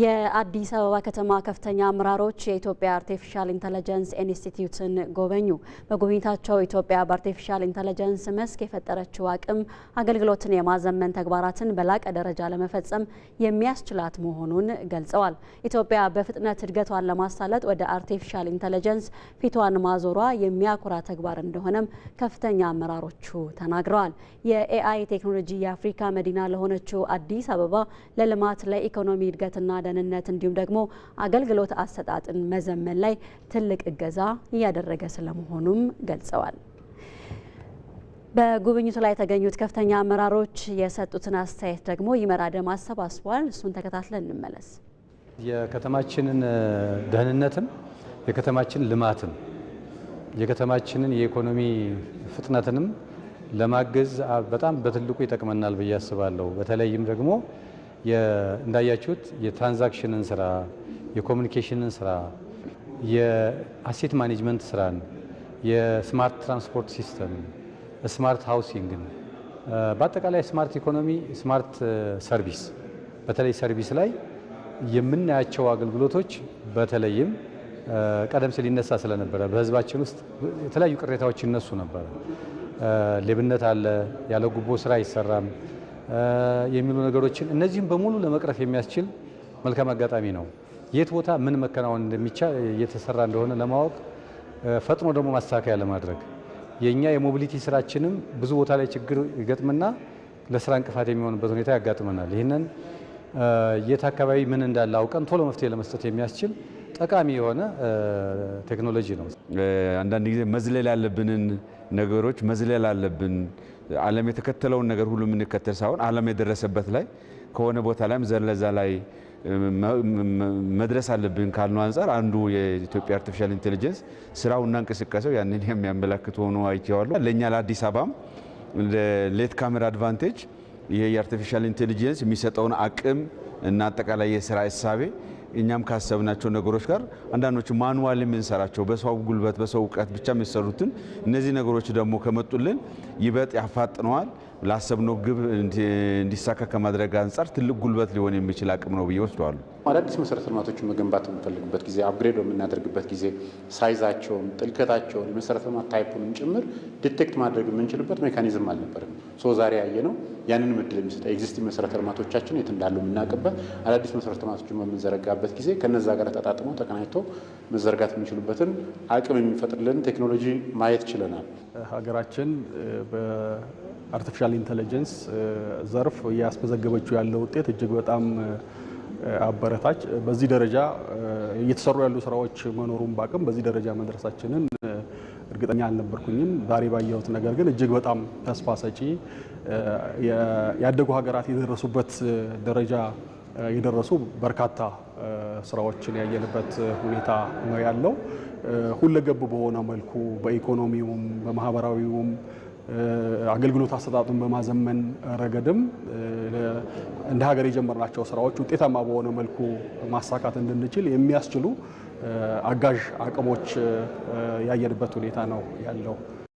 የአዲስ አበባ ከተማ ከፍተኛ አመራሮች የኢትዮጵያ አርቲፊሻል ኢንተለጀንስ ኢንስቲትዩትን ጎበኙ። በጉብኝታቸው ኢትዮጵያ በአርቲፊሻል ኢንተለጀንስ መስክ የፈጠረችው አቅም አገልግሎትን የማዘመን ተግባራትን በላቀ ደረጃ ለመፈጸም የሚያስችላት መሆኑን ገልጸዋል። ኢትዮጵያ በፍጥነት እድገቷን ለማሳለጥ ወደ አርቲፊሻል ኢንተለጀንስ ፊቷን ማዞሯ የሚያኩራ ተግባር እንደሆነም ከፍተኛ አመራሮቹ ተናግረዋል። የኤአይ ቴክኖሎጂ የአፍሪካ መዲና ለሆነችው አዲስ አበባ ለልማት ለኢኮኖሚ እድገትና ደህንነት እንዲሁም ደግሞ አገልግሎት አሰጣጥን መዘመን ላይ ትልቅ እገዛ እያደረገ ስለመሆኑም ገልጸዋል። በጉብኝቱ ላይ የተገኙት ከፍተኛ አመራሮች የሰጡትን አስተያየት ደግሞ ይመራ ደም አሰባስቧል። እሱን ተከታትለን እንመለስ። የከተማችንን ደህንነትም የከተማችን ልማትም የከተማችንን የኢኮኖሚ ፍጥነትንም ለማገዝ በጣም በትልቁ ይጠቅመናል ብዬ አስባለሁ። በተለይም ደግሞ እንዳያችሁት የትራንዛክሽንን ስራ፣ የኮሚኒኬሽንን ስራ፣ የአሴት ማኔጅመንት ስራን፣ የስማርት ትራንስፖርት ሲስተም፣ ስማርት ሃውሲንግን፣ በአጠቃላይ ስማርት ኢኮኖሚ፣ ስማርት ሰርቪስ፣ በተለይ ሰርቪስ ላይ የምናያቸው አገልግሎቶች በተለይም ቀደም ሲል ይነሳ ስለነበረ በህዝባችን ውስጥ የተለያዩ ቅሬታዎች ይነሱ ነበረ። ሌብነት አለ፣ ያለ ጉቦ ስራ አይሰራም የሚሉ ነገሮችን እነዚህም በሙሉ ለመቅረፍ የሚያስችል መልካም አጋጣሚ ነው። የት ቦታ ምን መከናወን እንደሚቻል እየተሰራ እንደሆነ ለማወቅ ፈጥኖ ደግሞ ማስተካከያ ለማድረግ የእኛ የሞቢሊቲ ስራችንም ብዙ ቦታ ላይ ችግር ይገጥምና ለስራ እንቅፋት የሚሆንበት ሁኔታ ያጋጥመናል። ይህንን የት አካባቢ ምን እንዳለ አውቀን ቶሎ መፍትሄ ለመስጠት የሚያስችል ጠቃሚ የሆነ ቴክኖሎጂ ነው። አንዳንድ ጊዜ መዝለል ያለብንን ነገሮች መዝለል አለብን ዓለም የተከተለውን ነገር ሁሉ የምንከተል ሳይሆን ዓለም የደረሰበት ላይ ከሆነ ቦታ ላይም ዘለዛ ላይ መድረስ አለብን ካልነው አንጻር አንዱ የኢትዮጵያ አርቲፊሻል ኢንቴሊጀንስ ስራውና እንቅስቃሴው ያንን የሚያመላክት ሆኖ አይቼዋለሁ። ለእኛ ለአዲስ አበባም ሌት ካሜራ አድቫንቴጅ ይሄ የአርቲፊሻል ኢንቴሊጀንስ የሚሰጠውን አቅም እና አጠቃላይ የስራ እሳቤ እኛም ካሰብናቸው ነገሮች ጋር አንዳንዶቹ ማኑዋል የምንሰራቸው በሰው ጉልበት በሰው እውቀት ብቻ የሚሰሩትን እነዚህ ነገሮች ደግሞ ከመጡልን ይበጥ ያፋጥነዋል። ላሰብነው ግብ እንዲሳካ ከማድረግ አንጻር ትልቅ ጉልበት ሊሆን የሚችል አቅም ነው ብዬ ወስደዋለሁ። አዳዲስ መሰረተ ልማቶችን መገንባት የምንፈልግበት ጊዜ አፕግሬድ በምናደርግበት ጊዜ ሳይዛቸውን፣ ጥልቀታቸውን የመሰረተ ልማት ታይፑንም ጭምር ዲቴክት ማድረግ የምንችልበት ሜካኒዝም አልነበርም። ሶ ዛሬ ያየ ነው ያንንም የሚሰጠ ኤግዚስቲንግ መሰረተ ልማቶቻችን የት እንዳሉ የምናውቅበት፣ አዳዲስ መሰረተ ልማቶችን በምንዘረጋበት ጊዜ ከነዛ ጋር ተጣጥመው ተቀናጅቶ መዘርጋት የምንችሉበትን አቅም የሚፈጥርልን ቴክኖሎጂ ማየት ችለናል። ሀገራችን በአርቲፊሻል ኢንቴሊጀንስ ዘርፍ እያስመዘገበችው ያለው ውጤት እጅግ በጣም አበረታች በዚህ ደረጃ እየተሰሩ ያሉ ስራዎች መኖሩን ባቅም በዚህ ደረጃ መድረሳችንን እርግጠኛ አልነበርኩኝም። ዛሬ ባየሁት ነገር ግን እጅግ በጣም ተስፋ ሰጪ ያደጉ ሀገራት የደረሱበት ደረጃ የደረሱ በርካታ ስራዎችን ያየንበት ሁኔታ ነው ያለው። ሁለገብ በሆነ መልኩ በኢኮኖሚውም በማህበራዊውም አገልግሎት አሰጣጡን በማዘመን ረገድም እንደ ሀገር የጀመርናቸው ስራዎች ውጤታማ በሆነ መልኩ ማሳካት እንድንችል የሚያስችሉ አጋዥ አቅሞች ያየንበት ሁኔታ ነው ያለው።